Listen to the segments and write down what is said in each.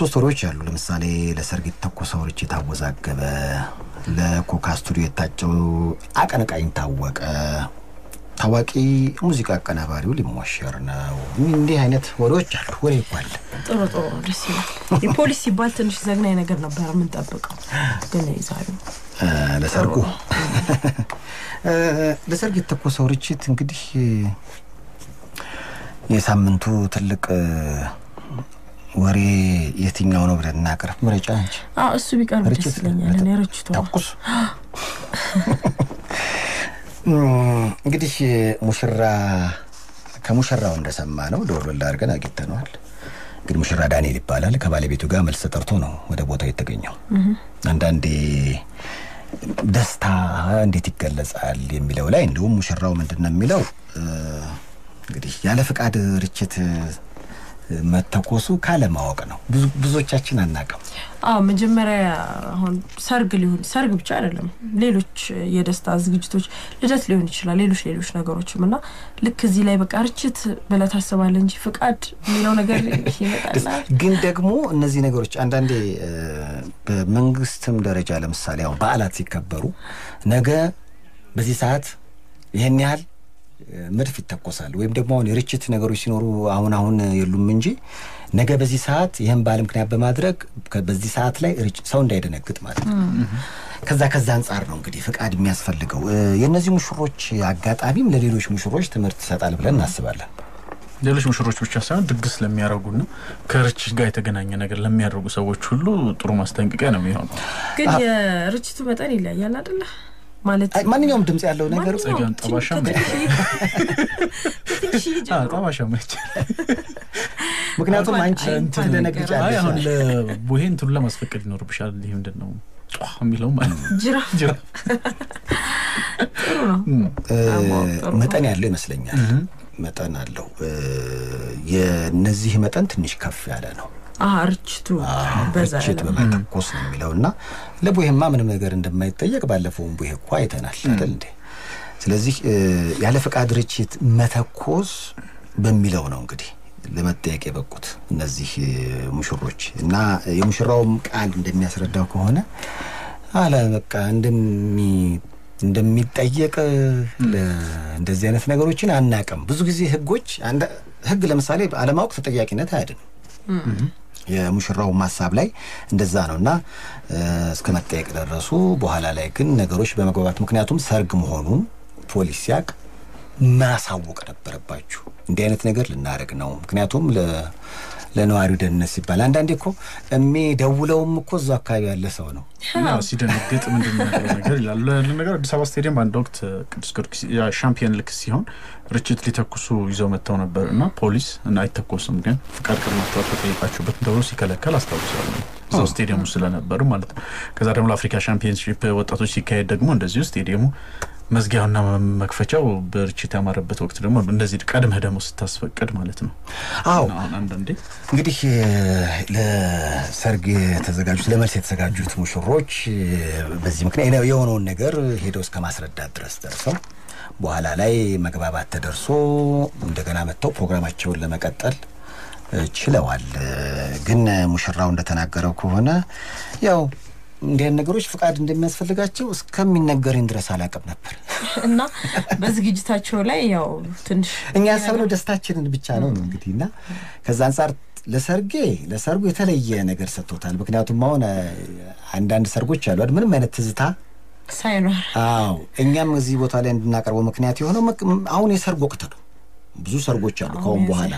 ሶስት ወሬዎች አሉ። ለምሳሌ ለሰርግ የተተኮሰው ርችት የታወዛገበ፣ ለኮካ ስቱዲዮ የታጨው አቀንቃኝ ታወቀ፣ ታዋቂ ሙዚቃ አቀናባሪው ሊሞሸር ነው። እንዲህ አይነት ወሬዎች አሉ። ወሬ ይባል ጥሩ ጥሩ ደስ ይላል። የፖሊስ ሲባል ትንሽ ዘግናኝ ነገር ነበር የምንጠብቀው፣ ግን ይዛሉ ለሰርጉ ለሰርግ የተተኮሰው ርችት እንግዲህ የሳምንቱ ትልቅ ወሬ የትኛው ነው ብለን እናቅርብ? ምርጫ አንቺ። አዎ እሱ ቢቀርብ ደስ ይለኛል። እኔ ተኩስ እንግዲህ ሙሽራ ከሙሽራው እንደሰማ ነው ደወል አድርገን አግኝተነዋል። እንግዲህ ሙሽራ ዳንኤል ይባላል። ከባለቤቱ ጋር መልስ ተጠርቶ ነው ወደ ቦታው የተገኘው። አንዳንዴ ደስታ እንዴት ይገለጻል የሚለው ላይ እንዲሁም ሙሽራው ምንድን ነው የሚለው እንግዲህ ያለ ፍቃድ ርችት መተኮሱ ካለማወቅ ነው። ብዙዎቻችን አናቅም አዎ መጀመሪያ አሁን ሰርግ ሊሆን ሰርግ ብቻ አይደለም፣ ሌሎች የደስታ ዝግጅቶች፣ ልደት ሊሆን ይችላል፣ ሌሎች ሌሎች ነገሮችም እና ልክ እዚህ ላይ በቃ ርችት ብለህ ታስባለህ እንጂ ፍቃድ የሚለው ነገር ይመጣል። ግን ደግሞ እነዚህ ነገሮች አንዳንዴ በመንግስትም ደረጃ ለምሳሌ አሁን በዓላት ሲከበሩ ነገ በዚህ ሰዓት ይህን ያህል መድፍ ይተኮሳል። ወይም ደግሞ አሁን የርችት ነገሮች ሲኖሩ አሁን አሁን የሉም እንጂ ነገ በዚህ ሰዓት ይህን ባለ ምክንያት በማድረግ በዚህ ሰዓት ላይ ሰው እንዳይደነግጥ ማለት ነው። ከዛ ከዛ አንጻር ነው እንግዲህ ፍቃድ የሚያስፈልገው። የእነዚህ ሙሽሮች አጋጣሚም ለሌሎች ሙሽሮች ትምህርት ይሰጣል ብለን እናስባለን። ሌሎች ሙሽሮች ብቻ ሳይሆን ድግስ ለሚያደርጉና ከርችት ጋር የተገናኘ ነገር ለሚያደርጉ ሰዎች ሁሉ ጥሩ ማስጠንቀቂያ ነው የሚሆነው። ግን የርችቱ መጠን ይለያል አደለ? ማለት ማንኛውም ድምጽ ያለው ነገር ጸጋን ጠባሻ ጠባሻ መች ምክንያቱም አንቺ ትደነግጫለሽ። አሁን ቦሄን ትሉ ለማስፈቀድ ይኖርብሻል። ይህ ምንድን ነው የሚለው ማለት ጅራፍ መጠን ያለው ይመስለኛል። መጠን አለው። የእነዚህ መጠን ትንሽ ከፍ ያለ ነው። አርችቱ ርችት በመተኮስ ነው የሚለው እና ለቡሄማ ምንም ነገር እንደማይጠየቅ ባለፈውም ቡሄ እኮ አይተናል አይደል እንዴ? ስለዚህ ያለ ፈቃድ ርችት መተኮስ በሚለው ነው እንግዲህ ለመጠየቅ የበቁት እነዚህ ሙሽሮች እና የሙሽራውም ቃል እንደሚያስረዳው ከሆነ አለ በቃ እንደሚ እንደሚጠየቅ እንደዚህ አይነት ነገሮችን አናቅም። ብዙ ጊዜ ህጎች ህግ ለምሳሌ አለማወቅ ተጠያቂነት አያድንም። የሙሽራው ሀሳብ ላይ እንደዛ ነው እና እስከ መጠየቅ ደረሱ። በኋላ ላይ ግን ነገሮች በመግባባት ምክንያቱም ሰርግ መሆኑን ፖሊስ ሲያቅ ማሳወቅ ነበረባችሁ። እንዲህ አይነት ነገር ልናደርግ ነው ምክንያቱም ለነዋሪው ደህንነት ሲባል አንዳንዴ እኮ የሚደውለውም እኮ እዛ አካባቢ ያለ ሰው ነው። ሲደነግጥ ምንድን ነገር ይላል ነገር አዲስ አበባ ስታዲየም በአንድ ወቅት ቅዱስ ጊዮርጊስ ሻምፒየን ልክ ሲሆን ርችት ሊተኩሱ ይዘው መጥተው ነበር እና ፖሊስ እና አይተኮስም ግን ፍቃድ ቀርማቸዋል ተጠይቃችሁበት ተብሎ ሲከለከል አስታውሳሉ እዛው ስቴዲየሙ ስለነበሩ ማለት ነው። ከዛ ደግሞ ለአፍሪካ ሻምፒየንሽፕ ወጣቶች ሲካሄድ ደግሞ እንደዚሁ ስቴዲየሙ መዝጊያውና መክፈቻው በርችት ያማረበት ወቅት ደግሞ እንደዚህ ቀድመህ ደግሞ ስታስፈቅድ ማለት ነው። አዎ አንዳንዴ እንግዲህ ለሰርግ የተዘጋጁት ለመልስ የተዘጋጁት ሙሽሮች በዚህ ምክንያት የሆነውን ነገር ሄደው እስከ ማስረዳት ድረስ ደርሰው በኋላ ላይ መግባባት ተደርሶ እንደገና መጥተው ፕሮግራማቸውን ለመቀጠል ችለዋል። ግን ሙሽራው እንደተናገረው ከሆነ ያው እንዲህ ነገሮች ፍቃድ እንደሚያስፈልጋቸው እስከሚነገረኝ ድረስ አላቅም ነበር እና በዝግጅታቸው ላይ ያው ትንሽ እኛ ያሰብነው ደስታችንን ብቻ ነው እንግዲህ እና ከዛ አንጻር ለሰርጌ ለሰርጉ የተለየ ነገር ሰጥቶታል። ምክንያቱም አሁን አንዳንድ ሰርጎች አሉ ምንም አይነት ትዝታ ሳይኖር አዎ እኛም እዚህ ቦታ ላይ እንድናቀርበው ምክንያት የሆነው አሁን የሰርግ ወቅት ነው። ብዙ ሰርጎች አሉ። ከአሁን በኋላ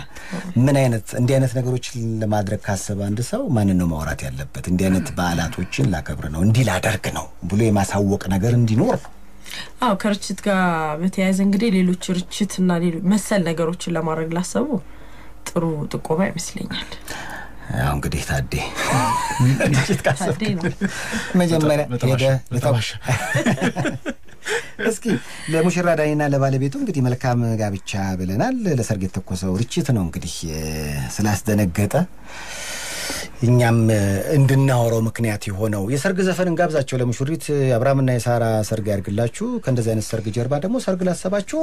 ምን አይነት እንዲህ አይነት ነገሮች ለማድረግ ካሰበ አንድ ሰው ማንን ነው ማውራት ያለበት? እንዲህ አይነት በዓላቶችን ላከብር ነው እንዲህ ላደርግ ነው ብሎ የማሳወቅ ነገር እንዲኖር አዎ ከርችት ጋር በተያያዘ እንግዲህ ሌሎች ርችት እና መሰል ነገሮችን ለማድረግ ላሰቡ ጥሩ ጥቆማ ይመስለኛል። ያው እንግዲህ ታዴ ርችት ካሰብክ መጀመሪያ ሄደህ እስኪ ለሙሽራ ዳኒና ለባለቤቱ እንግዲህ መልካም ጋብቻ ብለናል። ለሰርግ የተኮሰው ርችት ነው እንግዲህ ስላስደነገጠ እኛም እንድናወረው ምክንያት የሆነው የሰርግ ዘፈን እንጋብዛቸው። ለሙሽሪት አብርሃምና የሳራ ሰርግ ያድርግላችሁ። ከእንደዚህ አይነት ሰርግ ጀርባ ደግሞ ሰርግ ላሰባችሁ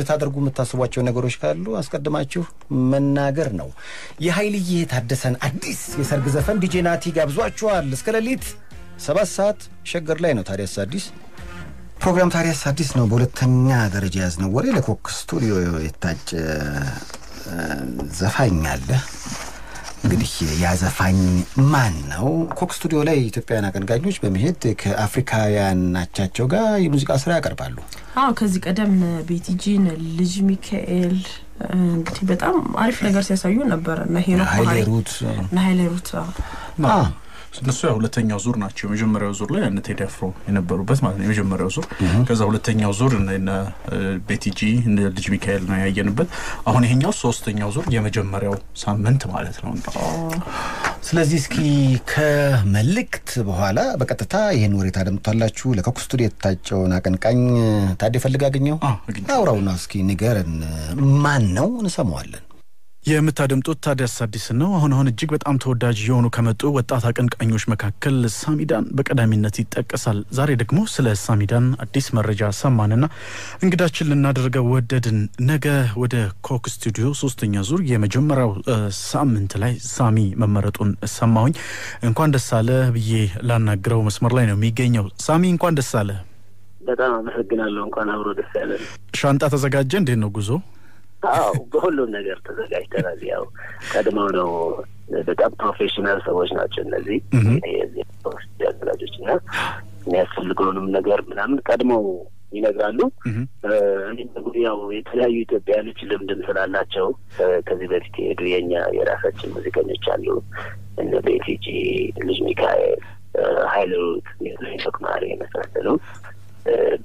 ልታደርጉ የምታስቧቸው ነገሮች ካሉ አስቀድማችሁ መናገር ነው። የኃይልዬ ታደሰን አዲስ የሰርግ ዘፈን ዲጄ ናቲ ጋብዟችኋል። እስከ ሌሊት ሰባት ሰዓት ሸገር ላይ ነው ታዲያስ አዲስ ፕሮግራም ታዲያስ አዲስ ነው። በሁለተኛ ደረጃ ያዝነወረ ወሬ ለኮክ ስቱዲዮ የታጨ ዘፋኝ አለ። እንግዲህ ያዘፋኝ ማን ነው? ኮክ ስቱዲዮ ላይ ኢትዮጵያውያን አቀንቃኞች በመሄድ ከአፍሪካውያን ናቻቸው ጋር የሙዚቃ ስራ ያቀርባሉ። አዎ ከዚህ ቀደም ቤቲጂን ልጅ ሚካኤል እንግዲህ በጣም አሪፍ ነገር ሲያሳዩ ነበረ። ና ሄኖክ ሩት እነሱ ያ ሁለተኛው ዙር ናቸው። የመጀመሪያው ዙር ላይ ቴዲ አፍሮ የነበሩበት ማለት ነው የመጀመሪያው ዙር። ከዛ ሁለተኛው ዙር ቤቲጂ ልጅ ሚካኤል ነው ያየንበት። አሁን ይሄኛው ሶስተኛው ዙር የመጀመሪያው ሳምንት ማለት ነው። ስለዚህ እስኪ ከመልእክት በኋላ በቀጥታ ይህን ወሬት ታደምጣላችሁ። ለከኩ ስቱዲዮ የታጨውን አቀንቃኝ ታዴ ፈልግ አገኘው አውራውና እስኪ ንገርን ማን ነው? እንሰማዋለን። የምታደምጡት ታዲያስ አዲስ ነው። አሁን አሁን እጅግ በጣም ተወዳጅ የሆኑ ከመጡ ወጣት አቀንቃኞች መካከል ሳሚዳን በቀዳሚነት ይጠቀሳል። ዛሬ ደግሞ ስለ ሳሚዳን አዲስ መረጃ ሰማንና እንግዳችን ልናደርገው ወደድን። ነገ ወደ ኮክ ስቱዲዮ ሶስተኛ ዙር የመጀመሪያው ሳምንት ላይ ሳሚ መመረጡን ሰማሁኝ። እንኳን ደስ አለ ብዬ ላናግረው መስመር ላይ ነው የሚገኘው። ሳሚ እንኳን ደስ አለ። በጣም አመሰግናለሁ። እንኳን አብሮ ደስ ያለ። ሻንጣ ተዘጋጀ? እንዴት ነው ጉዞ? አዎ በሁሉም ነገር ተዘጋጅተናል። ያው ቀድመው ነው በጣም ፕሮፌሽናል ሰዎች ናቸው እነዚህ አዘጋጆች እና የሚያስፈልገውንም ነገር ምናምን ቀድመው ይነግራሉ። ያው የተለያዩ ኢትዮጵያውያኖች ልምድም ስላላቸው ከዚህ በፊት የሄዱ የኛ የራሳችን ሙዚቀኞች አሉ እነ ቤቲጂ ልጅ ሚካኤል ሀይለሩት ተቅማሪ የመሳሰሉ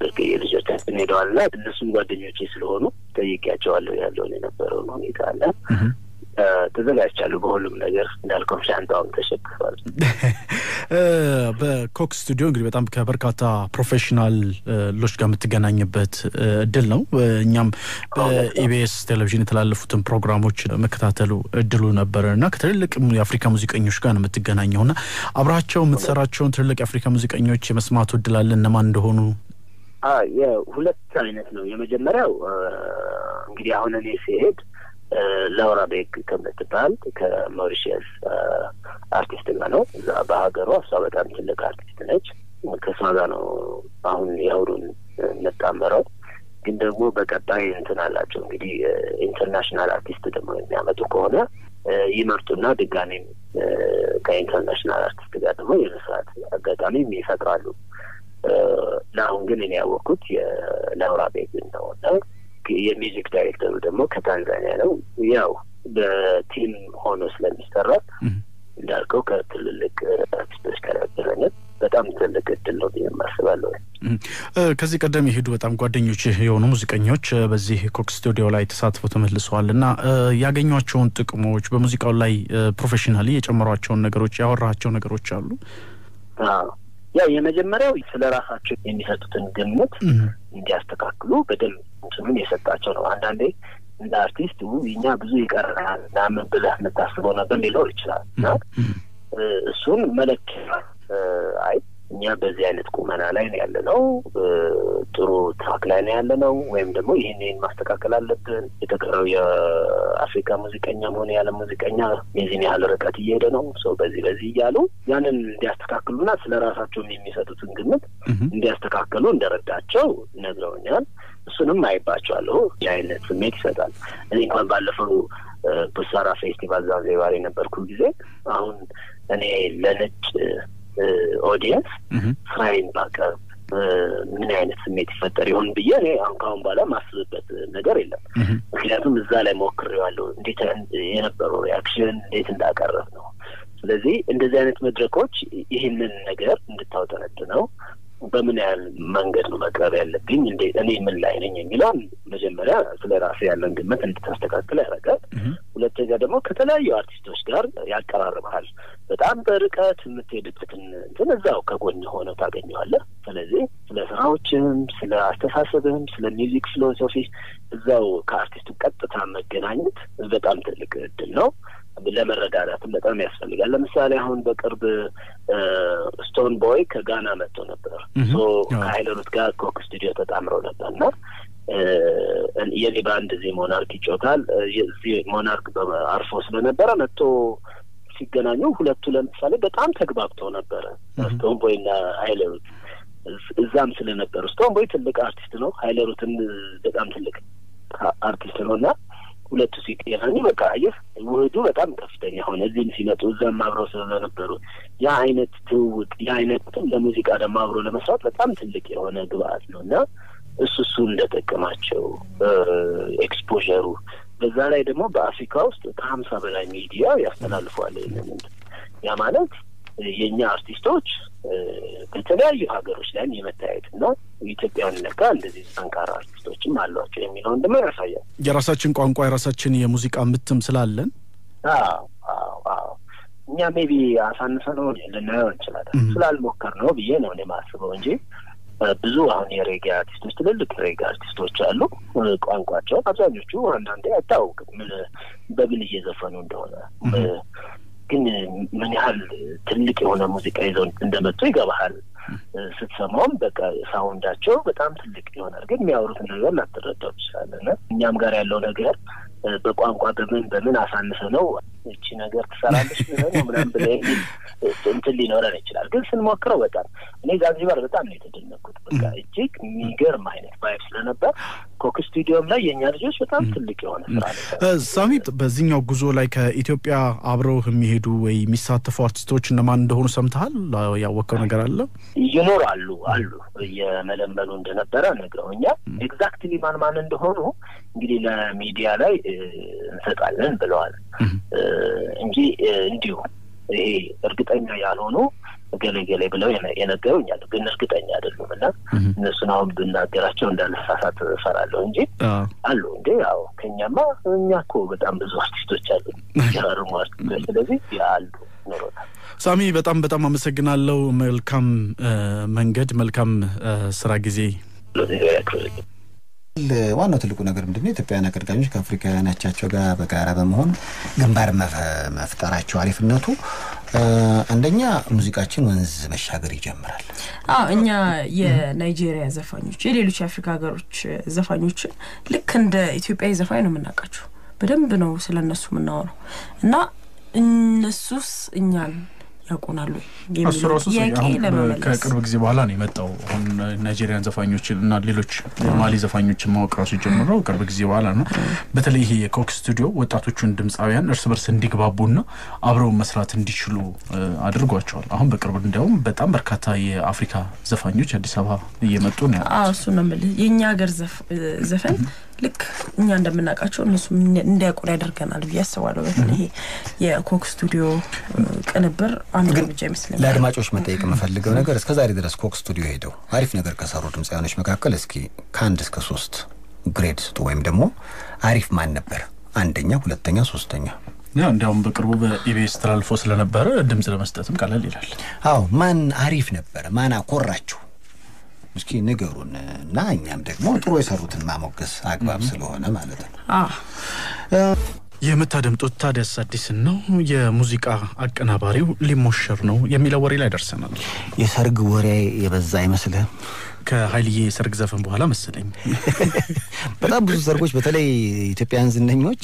ብርቅዬ ልጆቻችን ሄደዋል እና እነሱም ጓደኞቼ ስለሆኑ ጠይቄያቸዋለሁ ያለውን የነበረውን ሁኔታ አለ ተዘጋጅቻለሁ በሁሉም ነገር እንዳልከው ሻንጣውም ተሸክፏል። በኮክ ስቱዲዮ እንግዲህ በጣም ከበርካታ ፕሮፌሽናሎች ጋር የምትገናኝበት እድል ነው። እኛም በኢቢኤስ ቴሌቪዥን የተላለፉትን ፕሮግራሞች መከታተሉ እድሉ ነበረ እና ከትልልቅ የአፍሪካ ሙዚቀኞች ጋር ነው የምትገናኘው እና አብራቸው የምትሰራቸውን ትልልቅ የአፍሪካ ሙዚቀኞች የመስማቱ እድል አለ እነማን እንደሆኑ ሁለት አይነት ነው። የመጀመሪያው እንግዲህ አሁን እኔ ሲሄድ ላውራ ቤግ ከምትባል ከሞሪሽስ አርቲስት ጋር ነው እዛ በሀገሯ። እሷ በጣም ትልቅ አርቲስት ነች። ከእሷ ጋር ነው አሁን የአሁኑን የምጣመረው። ግን ደግሞ በቀጣይ እንትን አላቸው እንግዲህ ኢንተርናሽናል አርቲስት ደግሞ የሚያመጡ ከሆነ ይመርጡና ድጋሜም ከኢንተርናሽናል አርቲስት ጋር ደግሞ የመስራት አጋጣሚ ይፈጥራሉ። ለአሁን ግን እኔ ያወቅኩት የላውራ ቤግን ነው እና የሚዚክ ዳይሬክተሩ ደግሞ ከታንዛኒያ ነው። ያው በቲም ሆኖ ስለሚሰራ እንዳልከው ከትልልቅ አርቲስቶች ጋር በጣም ትልቅ እድል ነው ብዬ አስባለሁ። ከዚህ ቀደም የሄዱ በጣም ጓደኞች የሆኑ ሙዚቀኞች በዚህ ኮክ ስቱዲዮ ላይ ተሳትፎ ተመልሰዋል እና ያገኟቸውን ጥቅሞች በሙዚቃው ላይ ፕሮፌሽናሊ የጨመሯቸውን ነገሮች ያወራቸው ነገሮች አሉ? ያ የመጀመሪያው ስለ ራሳቸው የሚሰጡትን ግምት እንዲያስተካክሉ በደል እንትኑን የሰጣቸው ነው። አንዳንዴ እንደ አርቲስት እኛ ብዙ ይቀረናል ምናምን ብለህ የምታስበው ነገር ሊኖር ይችላል እና እሱን መለኪያ እኛ በዚህ አይነት ቁመና ላይ ነው ያለ ነው፣ ጥሩ ትራክ ላይ ነው ያለ ነው፣ ወይም ደግሞ ይህን ይህን ማስተካከል አለብን። የተቀረው የአፍሪካ ሙዚቀኛም ሆነ ያለ ሙዚቀኛ የዚህን ያህል ርቀት እየሄደ ነው ሰው በዚህ በዚህ እያሉ ያንን እንዲያስተካክሉና ስለ ራሳቸውም የሚሰጡትን ግምት እንዲያስተካክሉ እንደረዳቸው ነግረውኛል። እሱንም አይባቸዋለሁ። የአይነት ስሜት ይሰጣል። እኔ እንኳን ባለፈው ቡሳራ ፌስቲቫል ዛንዚባር የነበርኩ ጊዜ አሁን እኔ ለነጭ ኦዲየንስ ስራዬን ባቀርብ ምን አይነት ስሜት ይፈጠር ይሆን ብዬ እኔ አሁን ካሁን በኋላ ማስብበት ነገር የለም። ምክንያቱም እዛ ላይ ሞክሬዋለሁ፣ እንዴት የነበረው ሪያክሽን እንዴት እንዳቀረብ ነው። ስለዚህ እንደዚህ አይነት መድረኮች ይህንን ነገር እንድታውጠነጥ ነው። በምን ያህል መንገድ ነው መቅረብ ያለብኝ፣ እኔ ምን ላይ ነኝ የሚለውን መጀመሪያ ስለ ራሴ ያለን ግምት እንድታስተካክል ያደርጋል። ሁለተኛ ደግሞ ከተለያዩ አርቲስቶች ጋር ያቀራርበሃል። በጣም በርቀት የምትሄድበትን እንትን እዛው ከጎን ሆነው ታገኘዋለህ። ስለዚህ ስለ ስራዎችም፣ ስለ አስተሳሰብም፣ ስለ ሚውዚክ ፊሎሶፊ እዛው ከአርቲስቱ ቀጥታ መገናኘት በጣም ትልቅ እድል ነው። ለመረዳዳትም በጣም ያስፈልጋል። ለምሳሌ አሁን በቅርብ ስቶን ቦይ ከጋና መጥቶ ነበር። ከሀይለሩት ጋር ኮክ ስቱዲዮ ተጣምረው ነበርና የኔ ባንድ እዚህ ሞናርክ ይጮታል። እዚህ ሞናርክ አርፎ ስለነበረ መጥቶ ሲገናኙ ሁለቱ ለምሳሌ በጣም ተግባብተው ነበረ ስቶንቦይ እና ሀይለሩት እዛም ስለነበሩ ስቶንቦይ ትልቅ አርቲስት ነው፣ ሀይለሩትን በጣም ትልቅ አርቲስት ነው እና ሁለቱ ሲገናኙ በቃ ይህ ውህዱ በጣም ከፍተኛ ሆነ። እዚህም ሲመጡ እዛም አብረው ስለነበሩ ያ አይነት ትውውቅ ያ አይነትም ለሙዚቃ ደግሞ አብሮ ለመስራት በጣም ትልቅ የሆነ ግብአት ነው እና እሱ እሱ እንደጠቀማቸው ኤክስፖሩ በዛ ላይ ደግሞ በአፍሪካ ውስጥ ከሀምሳ በላይ ሚዲያ ያስተላልፈዋል። ይህንን ያ ማለት የእኛ አርቲስቶች በተለያዩ ሀገሮች ላይም የመታየት እና ኢትዮጵያን ነካ እንደዚህ ጠንካራ አርቲስቶችም አሏቸው የሚለውን ደግሞ ያሳያል። የራሳችን ቋንቋ የራሳችን የሙዚቃ ምትም ስላለን እኛ ሜቢ አሳንሰ ነው ልናየው እንችላለን ስላልሞከር ነው ብዬ ነው ማስበው የማስበው እንጂ ብዙ አሁን የሬጌ አርቲስቶች ትልልቅ ሬጌ አርቲስቶች አሉ። ቋንቋቸውን አብዛኞቹ አንዳንዴ አይታወቅም ምን በምን እየዘፈኑ እንደሆነ ግን ምን ያህል ትልቅ የሆነ ሙዚቃ ይዘው እንደመጡ ይገባሃል። ስትሰማውም በቃ ሳውንዳቸው በጣም ትልቅ ይሆናል፣ ግን የሚያወሩትን ነገር ላትረዳው ትችላለህ። እኛም ጋር ያለው ነገር በቋንቋ በምን በምን አሳንሰ ነው እቺ ነገር ትሰራለች ምናምን ብለ እንትን ሊኖረን ይችላል። ግን ስንሞክረው በጣም እኔ ዛንዚባር በጣም ነው የተደነኩት። በቃ እጅግ የሚገርም አይነት ባይብ ስለነበር ኮክ ስቱዲዮም ላይ የእኛ ልጆች በጣም ትልቅ የሆነ ስራ ሳሚት፣ በዚህኛው ጉዞ ላይ ከኢትዮጵያ አብረው የሚሄዱ ወይ የሚሳተፉ አርቲስቶች እነማን እንደሆኑ ሰምተሃል? ያወቀው ነገር አለ ይኖር አሉ አሉ እየመለመሉ እንደነበረ ነግረውኛል። ኤግዛክትሊ ማን ማን እንደሆኑ እንግዲህ ለሚዲያ ላይ እንሰጣለን ብለዋል። እንጂ እንዲሁ ይሄ እርግጠኛ ያልሆኑ ገሌ ብለው የነገሩኝ ግን እርግጠኛ አይደሉም እና እነሱን አሁን ብናገራቸው እንዳልሳሳት እፈራለሁ እንጂ አሉ እንዴ ያው ከኛማ እኛ ኮ በጣም ብዙ አርቲስቶች አሉ የራርሙ አርቲስቶች ስለዚህ አሉ ኖሮታል። ሳሚ በጣም በጣም አመሰግናለው መልካም መንገድ፣ መልካም ስራ ጊዜ ዋናው ትልቁ ነገር ምንድ ኢትዮጵያውያን አቀንቃኞች ከአፍሪካውያን አቻቸው ጋር በጋራ በመሆን ግንባር መፍጠራቸው አሪፍነቱ አንደኛ ሙዚቃችን ወንዝ መሻገር ይጀምራል። አዎ እኛ የናይጄሪያ ዘፋኞች፣ የሌሎች የአፍሪካ ሀገሮች ዘፋኞችን ልክ እንደ ኢትዮጵያዊ ዘፋኝ ነው የምናውቃቸው። በደንብ ነው ስለ እነሱ የምናወራው እና እነሱስ እኛን ያውቁናሉ። ከቅርብ ጊዜ በኋላ ነው የመጣው። አሁን ናይጄሪያን ዘፋኞችን እና ሌሎች ማሊ ዘፋኞችን ማወቅ ራሱ የጀመረው ቅርብ ጊዜ በኋላ ነው። በተለይ ይሄ የኮክ ስቱዲዮ ወጣቶቹን ድምፃውያን እርስ በርስ እንዲግባቡና አብረው መስራት እንዲችሉ አድርጓቸዋል። አሁን በቅርብ እንዲያውም በጣም በርካታ የአፍሪካ ዘፋኞች አዲስ አበባ እየመጡ ነው። እሱ ነው የምልህ የእኛ ሀገር ዘፈን ልክ እኛ እንደምናውቃቸው እነሱ እንዲያውቁ ያደርገናል ብዬ አስባለሁ። በተለይ ይሄ የኮክ ስቱዲዮ ቅንብር አንዱ እርምጃ ይመስለኛል። ለአድማጮች መጠየቅ የምፈልገው ነገር እስከ ዛሬ ድረስ ኮክ ስቱዲዮ ሄደው አሪፍ ነገር ከሰሩ ድምፃውያኖች መካከል እስኪ ከአንድ እስከ ሶስት ግሬድ ስጡ፣ ወይም ደግሞ አሪፍ ማን ነበር? አንደኛ፣ ሁለተኛ፣ ሶስተኛ ያው እንዲያውም በቅርቡ በኢቢኤስ ተላልፎ ስለነበረ ድምፅ ለመስጠትም ቀለል ይላል። አዎ ማን አሪፍ ነበረ? ማን አኮራችሁ? እስኪ ንገሩን እና እኛም ደግሞ ጥሩ የሰሩትን ማሞገስ አግባብ ስለሆነ ማለት ነው። የምታደምጡት ታዲያስ አዲስን ነው። የሙዚቃ አቀናባሪው ሊሞሸር ነው የሚለው ወሬ ላይ ደርሰናል። የሰርግ ወሬ የበዛ አይመስልህም? ከሀይልዬ የሰርግ ዘፈን በኋላ መሰለኝ በጣም ብዙ ሰርጎች በተለይ ኢትዮጵያውያን ዝነኞች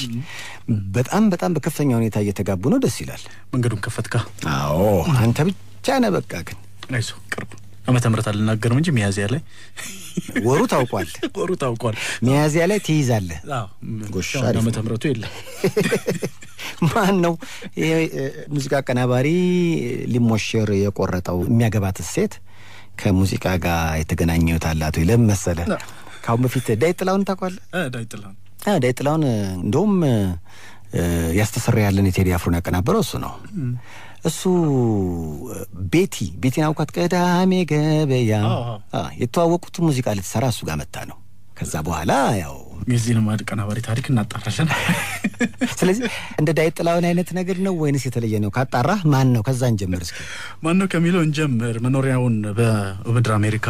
በጣም በጣም በከፍተኛ ሁኔታ እየተጋቡ ነው። ደስ ይላል። መንገዱን ከፈትካ? አዎ አንተ ብቻ ነህ። በቃ ግን ቅርብ ዓመተ ምህረት አልናገርም እንጂ ሚያዚያ ላይ ወሩ ታውቋል፣ ወሩ ታውቋል። ሚያዚያ ላይ ትይዛለህ። ጎሽ ዓመተ ምህረቱ የለም። ማን ነው ይሄ ሙዚቃ አቀናባሪ ሊሞሸር የቆረጠው? የሚያገባት ሴት ከሙዚቃ ጋር የተገናኘሁት አላት ወይ? መሰለ ካሁን በፊት ዳዊት ጥላሁን ታውቋል። ዳዊት ጥላሁን ዳዊት ጥላሁን እንደውም ያስተሰራ ያለን የቴዲ አፍሮን ያቀናበረው እሱ ነው። እሱ ቤቲ ቤቲን አውቋት ቅዳሜ ገበያ የተዋወቁትን ሙዚቃ ልትሰራ እሱ ጋር መታ ነው ከዛ በኋላ ያው የዚህ ልማድ ቀናባሪ ታሪክ እናጣራለን። ስለዚህ እንደ ዳዊት ጥላሁን አይነት ነገር ነው ወይንስ የተለየ ነው? ካጣራ ማን ነው? ከዛ እንጀምር እስኪ። ማን ነው ከሚለው እንጀምር። መኖሪያውን በምድር አሜሪካ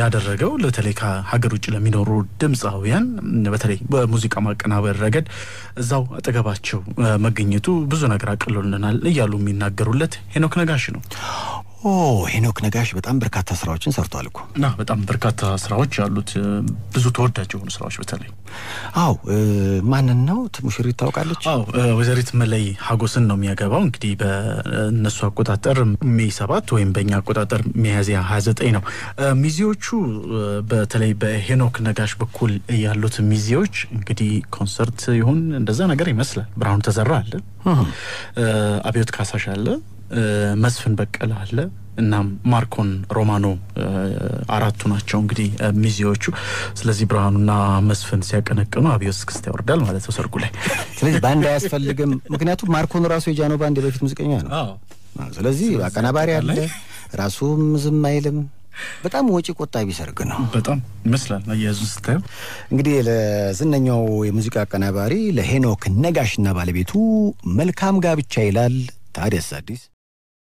ያደረገው በተለይ ከሀገር ውጭ ለሚኖሩ ድምፃውያን በተለይ በሙዚቃ ማቀናበር ረገድ እዛው አጠገባቸው መገኘቱ ብዙ ነገር አቅሎልናል እያሉ የሚናገሩለት ሄኖክ ነጋሽ ነው። ኦ ሄኖክ ነጋሽ በጣም በርካታ ስራዎችን ሰርቷል እኮ ና በጣም በርካታ ስራዎች ያሉት ብዙ ተወዳጅ የሆኑ ስራዎች በተለይ አው ማንን ነው ሙሽሪት ታውቃለች? አው ወይዘሪት መለይ ሀጎስን ነው የሚያገባው። እንግዲህ በእነሱ አቆጣጠር ሜይ ሰባት ወይም በእኛ አቆጣጠር ሚያዝያ ሀያ ዘጠኝ ነው። ሚዜዎቹ በተለይ በሄኖክ ነጋሽ በኩል ያሉት ሚዜዎች እንግዲህ ኮንሰርት ይሁን እንደዛ ነገር ይመስላል። ብርሃኑ ተዘራ አለ፣ አብዮት ካሳሽ አለ፣ መስፍን በቀለ አለ እናም ማርኮን ሮማኖ አራቱ ናቸው እንግዲህ ሚዜዎቹ። ስለዚህ ብርሃኑና መስፍን ሲያቀነቅኑ አብዮስ እስክስታ ያወርዳል ማለት ነው ሰርጉ ላይ። ስለዚህ ባንድ አያስፈልግም፣ ምክንያቱም ማርኮን ራሱ የጃኖ ባንድ የበፊት ሙዚቀኛ ነው። ስለዚህ አቀናባሪ አለ፣ ራሱም ዝም አይልም። በጣም ወጪ ቆጣቢ ሰርግ ነው። በጣም ይመስላል አያዙ ስታዩ እንግዲህ ለዝነኛው የሙዚቃ አቀናባሪ ለሄኖክ ነጋሽና ባለቤቱ መልካም ጋብቻ ይላል ታዲያስ አዲስ